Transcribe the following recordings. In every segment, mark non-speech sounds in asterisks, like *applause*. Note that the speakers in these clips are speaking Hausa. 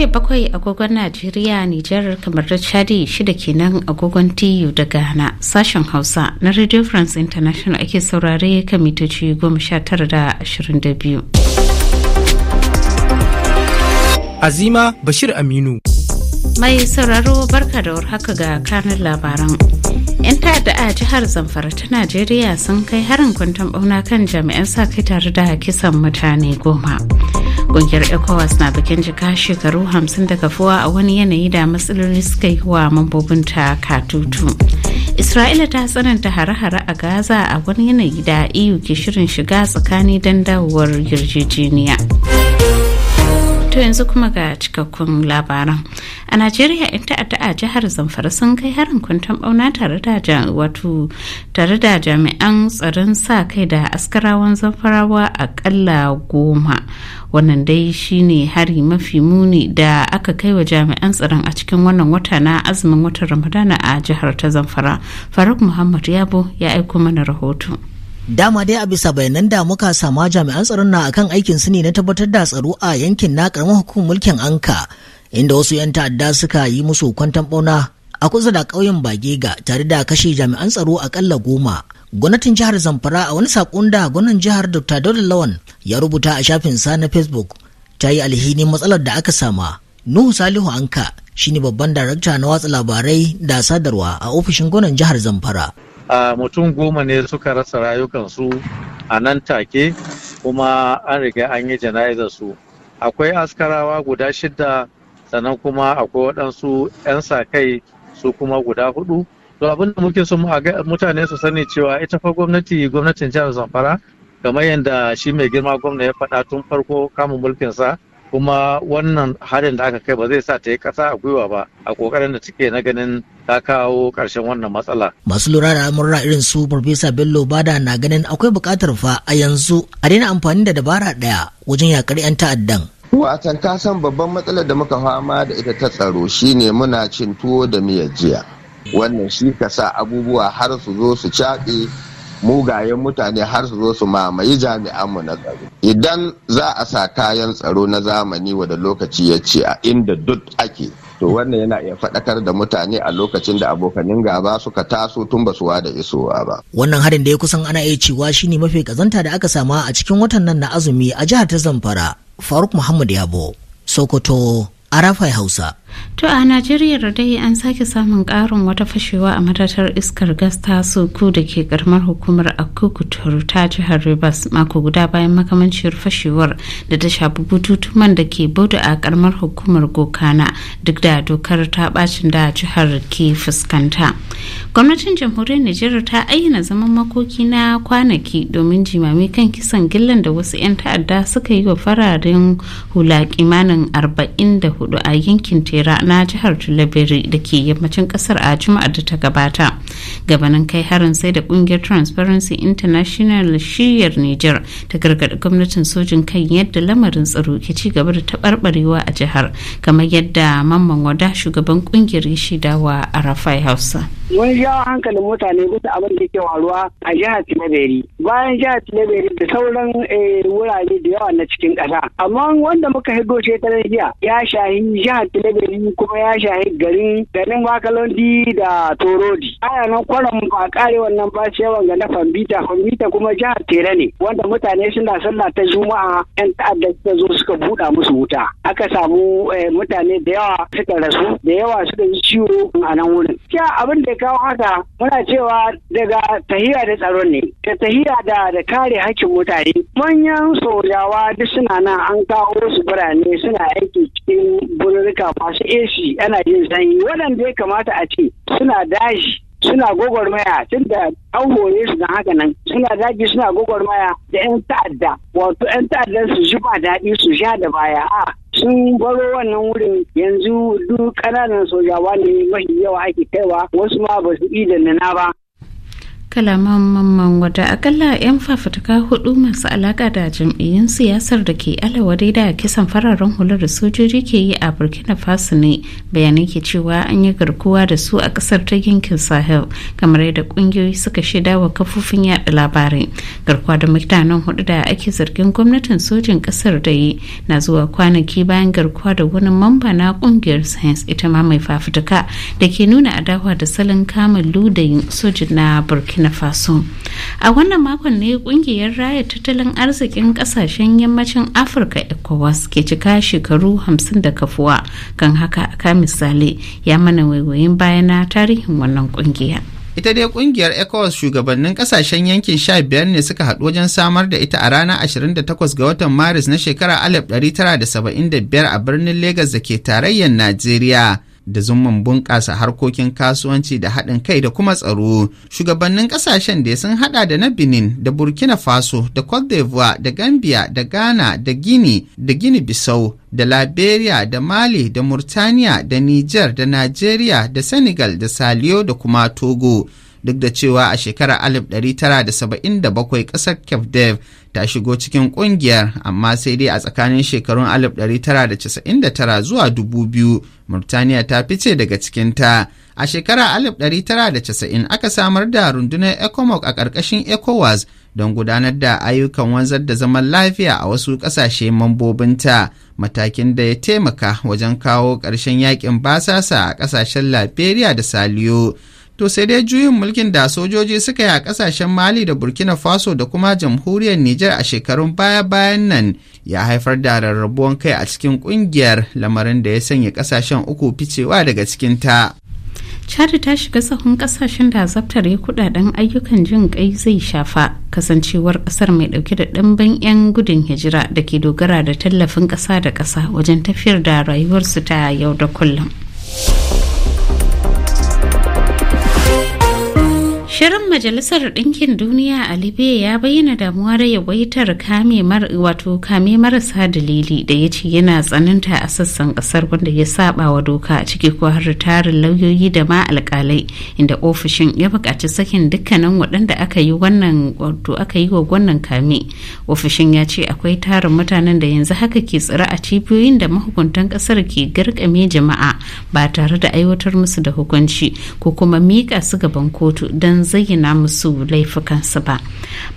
karfe bakwai agogon najeriya nijar kamar da chadi shida kenan agogon tu da ghana sashen hausa na radio france international ake saurare kan mitoci goma sha tara da ashirin da biyu azima bashir aminu mai sauraro barka da warhaka ga kanin labaran 'yan ta'adda a jihar zamfara ta najeriya sun kai harin kwanton bauna kan jami'an sa kai tare da kisan mutane goma Ƙungiyar ECOWAS na bikin jika shekaru 50 da kafuwa a wani yanayi da matsaloli suka yi wa ta katutu. Isra'ila ta tsananta hare-hare a Gaza a wani yanayi da EU ke shirin shiga tsakani don dawowar yarjejeniya. To yanzu kuma ga cikakkun labaran. A Najeriya 'yan ta'adda a jihar Zamfara sun kai harin kwanton bauna tare da wato tare da jami'an tsaron sa kai da askarawan zamfarawa akalla goma. Wannan dai shine hari mafi muni da aka kai wa jami'an tsaron a cikin wannan wata na azumin watan Ramadana a jihar ta Zamfara. Faruk Muhammad Yabo ya aiko mana rahoto. dama dai a bisa bayanan da muka sama jami'an tsaron na akan aikin su ne na tabbatar da tsaro a yankin na karamar hukumar mulkin anka inda wasu 'yan ta'adda suka yi musu kwantan bauna a kusa da ƙauyen bagega tare da kashe jami'an tsaro akalla goma gwamnatin jihar zamfara a wani sakon da gwamnan jihar dr dauda lawan ya rubuta a shafin sa na facebook ta yi alhinin matsalar da aka sama nuhu salihu anka shine babban darakta na watsa labarai da sadarwa a ofishin gwamnan jihar zamfara mutum goma ne suka rasa rayukansu a nan take kuma an riga an yi jana'izar su akwai askarawa guda shida sannan kuma akwai waɗansu 'yan sa kai su kuma guda hudu to abinda muke so mutane su sani cewa ita fa gwamnati gwamnatin jihar zamfara kamar yadda shi mai girma gwamna ya faɗa tun farko kamun mulkinsa kuma wannan harin da aka kai ba zai sa ta yi ƙasa a gwiwa ba a kokarin da take na ganin ta kawo ƙarshen wannan matsala. Masu lura da al'amurra irin su Farfesa Bello Bada na ganin akwai bukatar fa a yanzu a daina amfani da dabara daya wajen yakar 'yan ta'addan. Watan ka san babban matsalar da muka fama da ita ta tsaro shine muna cin tuwo da miyar jiya. Wannan shi ka sa abubuwa har su zo su caɓe mugayen mutane har su zo su mamaye jami'anmu na tsaro idan za a sa kayan tsaro na zamani wada lokaci ya ce a inda duk ake to wannan yana iya faɗakar da mutane a lokacin da abokanin gaba suka taso tun ba su da isowa ba wannan harin da ya kusan ana iya cewa shine mafi kazanta da aka sama a cikin watan nan na azumi a jihar ta zamfara faruk muhammad yabo sokoto arafai hausa To a Najeriya dai an sake samun ƙarin wata fashewa a matatar iskar gas ta soku da ke karamar hukumar Akukuturu ta jihar Rivers mako guda bayan makamanciyar fashewar da ta shafi bututuman da ke budu a karamar hukumar Gokana duk da dokar ta bacin da jihar ke fuskanta. Gwamnatin jamhuriyar Najeriya ta ayyana zaman makoki na kwanaki domin jimami kan kisan gillan da wasu 'yan ta'adda suka yi wa fararen hula kimanin 44 a yankin rana na jihar tulabiri da ke yammacin kasar a juma'ar da ta gabata gabanin kai harin sai da kungiyar transparency international shiyar niger ta gargaɗi gwamnatin sojin kan yadda lamarin tsaro ke ci gaba da taɓarɓarewa a jihar kamar yadda mamman wada shugaban kungiyar ya shaidawa a rafai hausa mun jawo hankalin mutane bisa abin da ke waruwa a jihar Tilaberi bayan jihar Tilaberi da sauran eh, wurare da yawa na cikin ƙasa amma wanda muka ce ta jiya ya shahi jihar Tilaberi kuma ya shahi garin garin Bakalondi da Torodi ana nan kwaran ba kare wannan ba ce wanga na Fambita Fambita kuma jihar Tere ne wanda mutane suna sallah ta Juma'a yan ta'adda suka zo suka buɗa musu wuta aka samu eh, mutane da yawa suka rasu da yawa suka yi ciwo a nan wurin abin da kawo haka muna cewa daga tahiya da tsaron ne da tahiya da da kare hakkin mutane manyan sojawa duk suna nan an kawo su birane suna aiki cikin burnuka masu AC ana yin sanyi waɗanda ya kamata a ce suna daji suna gwagwarmaya tun da an hore su don haka nan suna daji suna gwagwarmaya da 'yan ta'adda wato 'yan ta'addan su ji ba daɗi su sha da baya a sun baro wannan wurin yanzu duk ƙananan sojawa ne mafi yawa ake kaiwa wasu ma ba su idan na ba kalaman mamman wada akalla 'yan fafutuka hudu masu alaka da jam'iyyun siyasar da ke alawa da kisan fararen hular da sojoji ke yi a burkina faso ne bayanai ke cewa an yi garkuwa da su a kasar ta yankin sahel kamar yadda kungiyoyi suka shaida wa kafofin yada labarai garkuwa da mutanen hudu da ake zargin gwamnatin sojin kasar da yi na zuwa kwanaki bayan garkuwa da wani mamba na kungiyar science ita ma mai fafutuka da ke nuna adawa da salon kamun ludayin sojin na burkina burkina faso a wannan makon ne kungiyar raya tattalin arzikin kasashen yammacin afirka ecowas ke cika shekaru 50 da kafuwa kan haka aka misali ya mana waiwayin bayana tarihin wannan kungiya ita dai kungiyar ecowas shugabannin kasashen yankin sha biyar ne suka haɗu wajen samar da ita a ranar 28 ga watan maris na shekarar 1975 a birnin Legas da ke tarayyar najeriya da zumman bunƙasa harkokin kasuwanci da haɗin kai da kuma tsaro shugabannin ƙasashen da sun haɗa da na benin da burkina faso da cote d'ivoire da gambia da ghana da gini da gini bissau da liberia da mali da murtaniya da niger da nigeria da senegal da saliyo da kuma togo duk da cewa a shekarar 1977 ƙasar cape dev ta shigo cikin ƙungiyar amma sai dai a tsakanin shekarun 1999 zuwa 2000 murtaniya ta fice daga cikinta a shekarar 1990 aka samar da rundunar ecomoc a ƙarƙashin ecowas don gudanar da ayyukan wanzar da zaman lafiya a wasu ƙasashe mambobinta matakin da ya taimaka wajen kawo ƙarshen yaƙin basasa a ƙasashen liberia da saliyo To sai dai juyin mulkin da sojoji suka yi a kasashen Mali da Burkina Faso da kuma jamhuriyar Nijar a shekarun baya-bayan nan ya haifar da rarrabuwan kai a cikin kungiyar lamarin da ya sanya kasashen uku ficewa daga cikin ta Chad ta shiga sahun kasashen da ya kudaden ayyukan jin kai zai shafa kasancewar kasar mai dauke da ɗimbin 'yan gudun hijira da ke dogara da tallafin ƙasa da ƙasa wajen tafiyar da rayuwarsu ta yau da kullum. Shirin Majalisar Ɗinkin Duniya a Libya ya bayyana damuwa da yawaitar kame wato kame marasa dalili da ya ce yana tsananta a sassan ƙasar wanda ya saba wa doka a ciki ko har tarin lauyoyi da ma alƙalai inda ofishin ya buƙaci sakin dukkanin waɗanda aka yi wannan wato aka yi wa wannan kame. Ofishin ya ce akwai tarin mutanen da yanzu haka ke tsira a cibiyoyin da mahukuntan ƙasar ke garkame jama'a ba tare da aiwatar musu da hukunci ko kuma miƙa su gaban kotu don zayyana musu laifukansu ba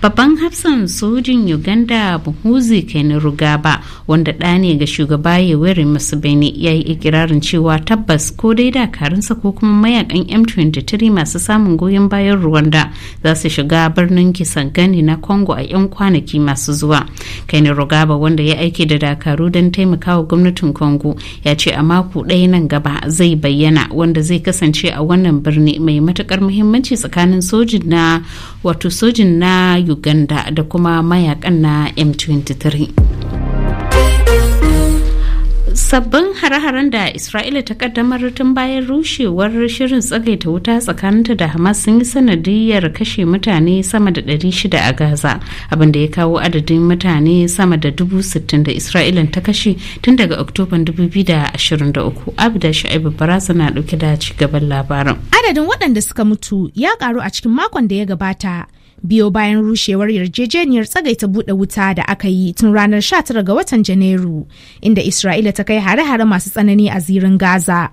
babban hafsan sojin uganda buhuzi rugaba wanda ɗa ne ga shugaba yoweri museveni ya yi ikirarin cewa tabbas ko dai dakarunsa ko kuma mayakan m23 masu samun goyon bayan rwanda za su shiga birnin kisan gani na congo a 'yan kwanaki masu zuwa rugaba wanda ya aiki da dakaru don taimakawa gwamnatin congo ya ce a mako ɗaya nan gaba zai bayyana wanda zai kasance a wannan birni mai matuƙar muhimmanci tsakanin tsakanin sojin na wato sojin na uganda da kuma mayakan na m23 sabbin hare-haren da isra'ila ta kaddamar tun bayan rushewar shirin tsagaita wuta tsakaninta da hamas sun yi sanadiyar kashe mutane sama da 600 a gaza abinda ya kawo adadin mutane sama da 60,000 da isra'ila ta kashe tun daga oktoban 2023 abda sha'ibu barasa na dauke da cigaban labarin adadin waɗanda suka mutu ya ƙaru a cikin makon da ya gabata biyo bayan rushewar yarjejeniyar tsagaita buɗe wuta da aka yi tun ranar 19 ga watan Janairu, inda Isra'ila ta kai hare-hare masu tsanani a zirin Gaza.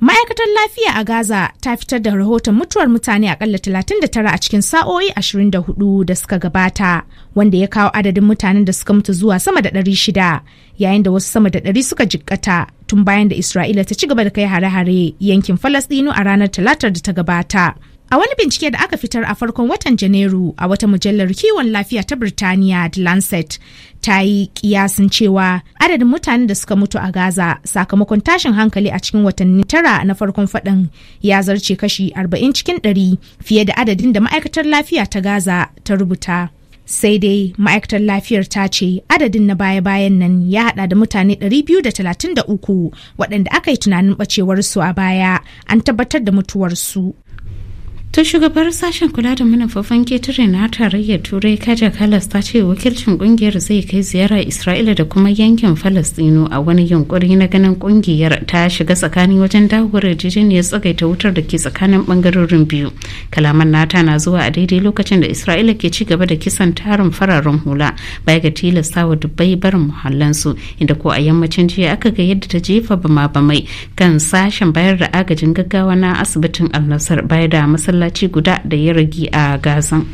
Ma'aikatar lafiya a Gaza ta fitar da rahoton mutuwar mutane akalla 39 a cikin sa'o'i 24 da suka gabata, wanda ya kawo adadin mutanen da suka mutu zuwa sama da 600, yayin da wasu sama da 100 suka jikkata tun bayan da Isra'ila ta ci gaba da kai hare-hare yankin Falasɗinu a ranar Talatar da ta gabata. A wani bincike da aka fitar a farkon watan Janairu a wata mujallar kiwon lafiya ta Birtaniya The Lancet ta yi kiyasin cewa adadin mutanen da suka mutu a Gaza sakamakon tashin hankali a cikin watanni tara na farkon faɗan ya zarce kashi 40 cikin 100 fiye da adadin da ma'aikatar lafiya ta Gaza ta rubuta. sai dai ma'aikatar lafiyar ta ce adadin na baya-bayan nan ya hada da mutane 233 waɗanda aka yi tunanin ɓacewarsu a baya an tabbatar da mutuwarsu ta shugabar sashen kula da manufofin ketare na tarayyar turai kaja kalas ta ce wakilcin kungiyar zai kai ziyara isra'ila da kuma yankin falastino a wani yunkuri na ganin kungiyar ta shiga tsakani wajen dawowar ya tsagaita wutar da ke tsakanin bangarorin biyu kalaman nata na zuwa a daidai lokacin da isra'ila ke ci gaba da kisan tarin fararen hula baya ga tilasta wa dubbai barin muhallansu inda ko a yammacin jiya aka ga yadda ta jefa bama-bamai kan sashen bayar da agajin gaggawa na asibitin al-nasar baya da masallaci masallaci guda da ya rage a gazan.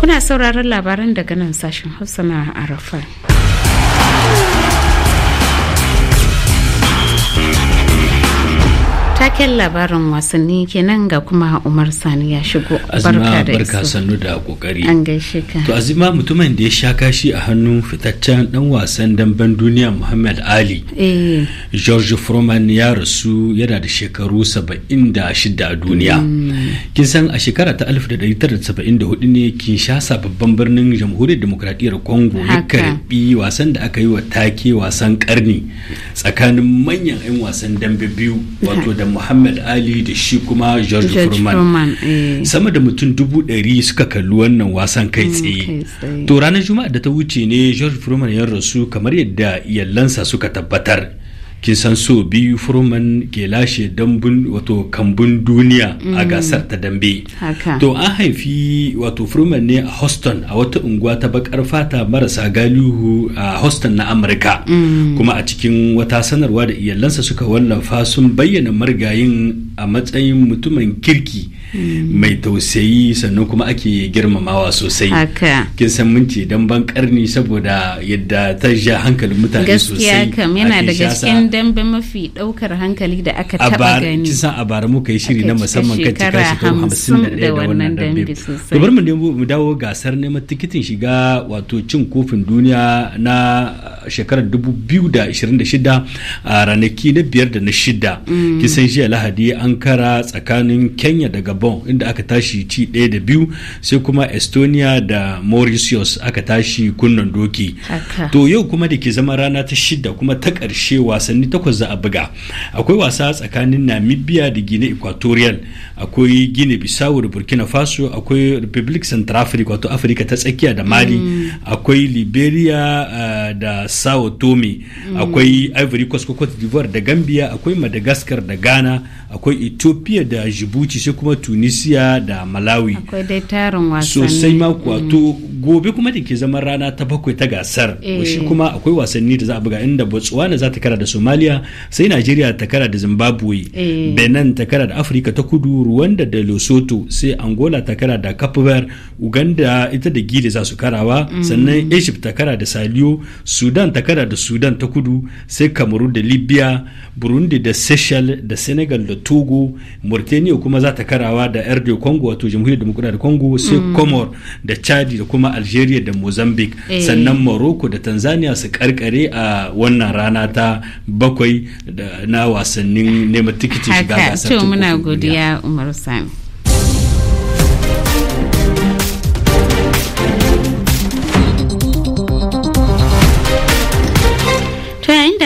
kuna sauraron labaran daga nan sashen hausa na arafa Taken labarin wasanni kenan ga kuma Umar Sani ya shigo. barka da sannu da kokari. An gaishe ka. To Azima mutumin da ya sha kashi a hannun fitaccen dan wasan damben duniya Muhammad Ali. Eh. George Foreman ya rasu yana da shekaru 76 a duniya. Mm. Kin san a shekara ta 1974 ne Kinshasa babban birnin Jamhuriyar Demokradiyyar Congo ya karbi wasan da aka yi wa take wasan karni tsakanin manyan 'yan wasan dambe biyu *laughs* wato da muhammad ali da shi kuma george furman eh. sama da mutum dubu ɗari suka kalli wannan wasan kai mm, tsaye to ranar juma'a da ta wuce ne george furman ya rasu kamar yadda iyalansa suka tabbatar kin san so biyu furman ke lashe dambun wato kambun duniya a mm. gasar ta dambe to an haifi wato furman ne a houston a wata unguwa ta bakar fata marasa galihu a houston na amurka mm. kuma a cikin wata sanarwa da iyalansa suka wallafa sun bayyana margayin a matsayin mutumin kirki mai tausayi sannan kuma ake girmamawa sosai kin san minti dan ban karni saboda yadda ta ja hankalin mutane sosai gaskiya kam yana daga cikin dambe mafi daukar hankali da aka taba gani kin san a bara muka yi shiri na musamman kan cika ko 51 da wannan dambe sosai bari mu dawo gasar neman tikitin shiga wato cin kofin duniya na shekarar 2026 a ranaki na biyar da na shida mm. kisan jiya lahadi an kara tsakanin kenya da gabon inda aka tashi ci ɗaya da biyu sai kuma estonia da mauritius aka tashi kunnan doki to yau kuma da ke zama rana ta shida kuma ta ƙarshe wasanni takwas za a buga akwai wasa tsakanin namibia da gine equatorial akwai gine bisau da burkina faso akwai republic central africa wato afirka ta tsakiya da mali mm. akwai liberia da sao tome akwai ivory coast ko cote d'ivoire da gambia akwai madagascar da ghana akwai ethiopia da djibouti sai kuma tunisia da malawi akwai dai tarin wasanni sosai ma wato mm. gobe kuma da ke zama rana ta bakwai ta gasar eh. shi kuma akwai wasanni da za a buga inda botswana za ta kara da somalia sai nigeria ta kara da zimbabwe eh. benin ta kara da afirka ta kudu rwanda da lesotho sai angola ta kara da cape uganda ita da gida za su karawa mm. sannan egypt ta kara da saliyo sudan sudan ta kada da sudan ta kudu sai kamaru da libya burundi da seychelles da senegal da togo mauritania kuma za ta karawa da rd congo wato jamhuriyar demokuraɗiyar congo sai mm. comor da chad da kuma algeria da mozambique eh. sannan morocco da tanzania su karkare a wannan rana ta bakwai na wasannin neman tikiti shiga gasar muna godiya sami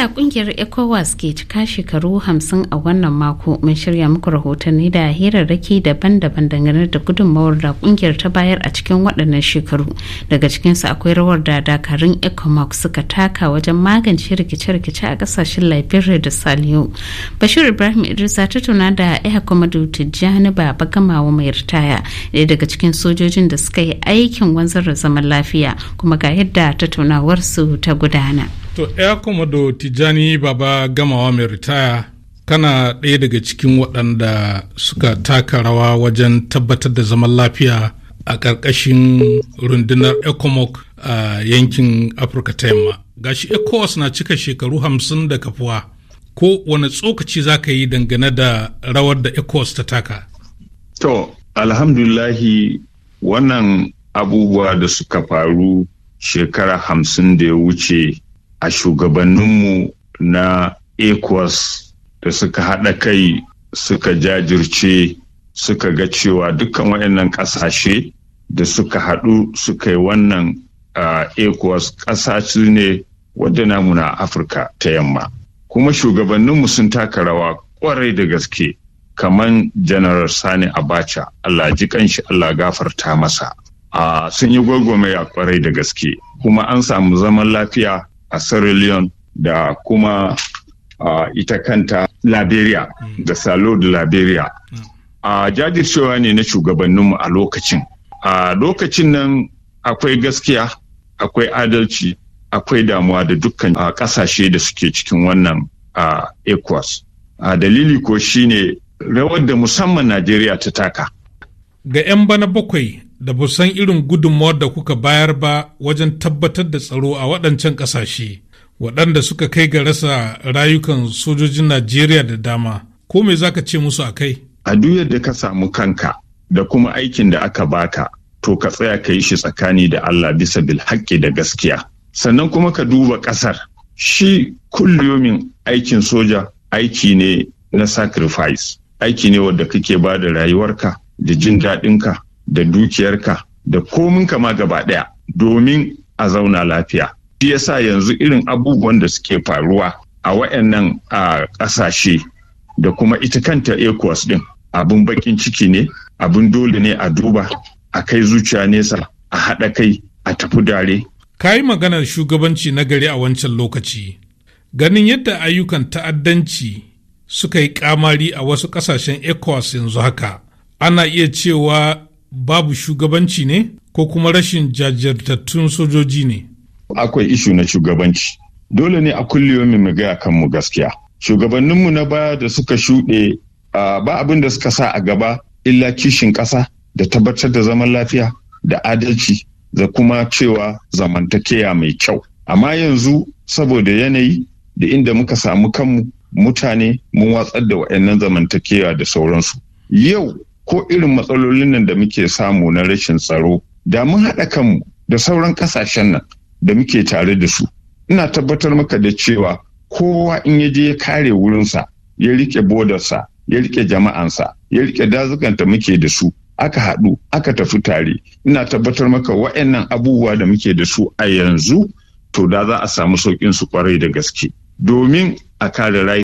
a kungiyar ecowas ke cika shekaru hamsin a wannan mako mun shirya muku rahotanni da hirarraki daban-daban dangane da gudunmawar da kungiyar ta bayar a cikin waɗannan shekaru daga cikinsu akwai rawar da dakarun ecomoc suka taka wajen magance rikice-rikice a ƙasashen liberia da saliyo bashir ibrahim idrisa ta tuna da ya kwamadu tijjani baba gamawa mai ritaya ɗaya daga cikin sojojin da suka yi aikin wanzar da zaman lafiya kuma ga yadda su ta gudana. To, ya kuma da Tijani Baba Gamawa mai ritaya kana ɗaya daga cikin waɗanda suka taka rawa wajen tabbatar da zaman lafiya a ƙarƙashin rundunar ecomoc a yankin afirka ta yamma gashi ecowas na cika shekaru hamsin da kafuwa ko wani tsokaci za ka yi dangane da rawar da ecowas ta taka to alhamdulahi wannan abubuwa da suka faru shekara hamsin da ya wuce a shugabanninmu na ecos da suka haɗa kai suka jajirce suka ga cewa dukkan waɗannan ƙasashe da suka haɗu suka yi wannan ƙasa ƙasashe ne wadda namu na Afirka ta yamma. Kuma shugabanninmu sun taka rawa kwarai da gaske kamar General Sani Abacha, Allah ji kanshi Allah gafarta masa. sun yi a kwarai da gaske, kuma an samu zaman lafiya a Sierra Leone da kuma uh, ita kanta Liberia mm. da Salo da Liberia. A uh, jajircewa ne na shugabanninmu a lokacin. A uh, lokacin nan akwai gaskiya, akwai adalci, akwai damuwa da dukkan kasashe da suke cikin wannan ECOWAS. Dalili ko shine rawar da musamman Najeriya ta taka. Ga 'yan bana bakwai da ba san irin gudunmawar da kuka bayar ba wajen tabbatar da tsaro a waɗancan ƙasashe waɗanda suka kai ga rasa rayukan sojojin Najeriya da dama. Ko me za ka ce musu a kai? A duk yadda ka samu kanka da kuma aikin da aka baka, to ka tsaya ka yi shi tsakani da Allah bisa bil haƙƙi da gaskiya. Sannan kuma ka duba ƙasar. Shi kullumin aikin soja aiki ne na sacrifice aiki ne wadda kake ba da rayuwarka da jin daɗinka da dukiyarka da komin kama gaba ɗaya domin a zauna lafiya. Shi yasa yanzu irin abubuwan da suke faruwa a wayannan a ƙasashe da kuma ita kanta ECOWAS ɗin Abun bakin ciki ne, abun dole ne a duba, a kai zuciya nesa, a haɗa kai, a tafi dare. Ka yi maganar shugabanci na gari a wancan lokaci. Ganin yadda ayyukan ta'addanci suka yi kamari a wasu ƙasashen ECOWAS yanzu haka, ana iya cewa babu shugabanci ne ko kuma rashin jajirtattun sojoji ne? Akwai ishu na shugabanci. Dole ne a kulliyomi mu gaya kanmu gaskiya. Shugabanninmu na baya da suka shuɗe ba abin da suka sa a gaba illa kishin ƙasa da tabbatar da zaman lafiya da adalci da kuma cewa zamantakewa mai kyau. Amma yanzu saboda yanayi da inda muka samu kanmu mutane mun watsar da wa'annan zamantakewa da sauransu. Yau ko irin matsalolin nan da muke samu na rashin tsaro da mun haɗa kanmu da sauran ƙasashen nan da muke tare da su ina tabbatar maka da cewa kowa in ya je ya kare wurinsa ya rike bodarsa ya rike jama'ansa ya rike dazukanta muke da su aka haɗu aka tafi tare ina tabbatar maka wa'annan abubuwa da muke da su a yanzu to da za a samu sauƙin su kwarai da gaske domin a kare